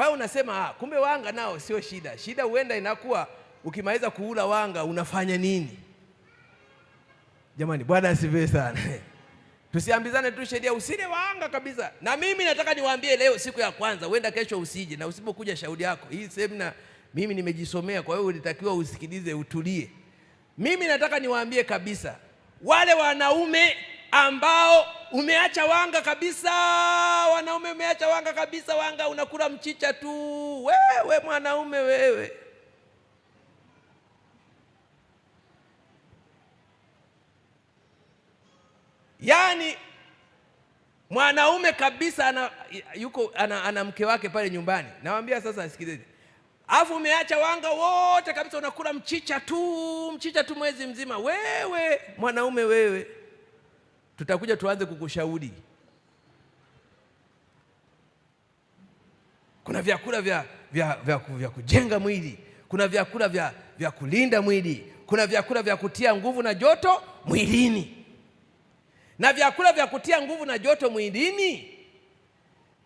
Kwa hiyo unasema ah, kumbe wanga nao sio shida. Shida huenda inakuwa ukimaliza kuula wanga unafanya nini? Jamani, Bwana asifiwe sana. Tusiambizane tu sheria, usile wanga kabisa. Na mimi nataka niwaambie leo, siku ya kwanza, huenda kesho usije, na usipokuja shauri yako. Hii semina mimi nimejisomea, kwa hiyo ulitakiwa usikilize, utulie. Mimi nataka niwaambie kabisa, wale wanaume ambao umeacha wanga kabisa wanaume umeacha wanga kabisa wanga unakula mchicha tu wewe mwanaume wewe yaani mwanaume kabisa ana, yuko ana, ana mke wake pale nyumbani nawambia sasa sikilizeni alafu umeacha wanga wote kabisa unakula mchicha tu mchicha tu mwezi mzima wewe mwanaume wewe tutakuja tuanze kukushauri. Kuna vyakula vya, vya, vya, vya kujenga mwili, kuna vyakula vya, vya kulinda mwili, kuna vyakula vya kutia nguvu na joto mwilini. Na vyakula vya kutia nguvu na joto mwilini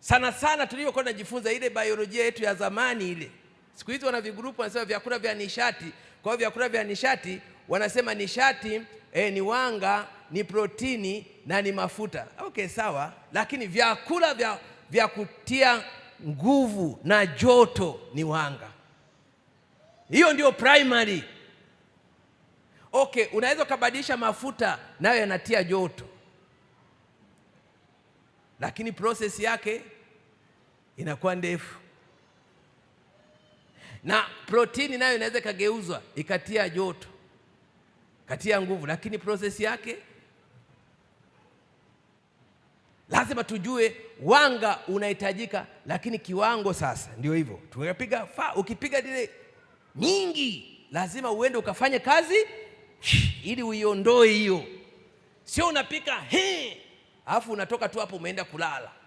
sana sana tulivyokuwa tunajifunza ile biolojia yetu ya zamani ile. Siku hizi wana vigrupu wanasema vyakula vya nishati. Kwa hiyo vyakula vya nishati wanasema nishati eh, ni wanga ni protini na ni mafuta. Okay, sawa, lakini vyakula vya, vya kutia nguvu na joto ni wanga. Hiyo ndio primary. Okay, unaweza ukabadilisha mafuta nayo yanatia joto, lakini process yake inakuwa ndefu, na protini nayo inaweza ikageuzwa ikatia joto, katia nguvu, lakini process yake lazima tujue wanga unahitajika, lakini kiwango sasa ndio hivyo. Tukapiga fa, ukipiga dile nyingi, lazima uende ukafanye kazi ili uiondoe hiyo, sio unapika he, alafu unatoka tu hapo umeenda kulala.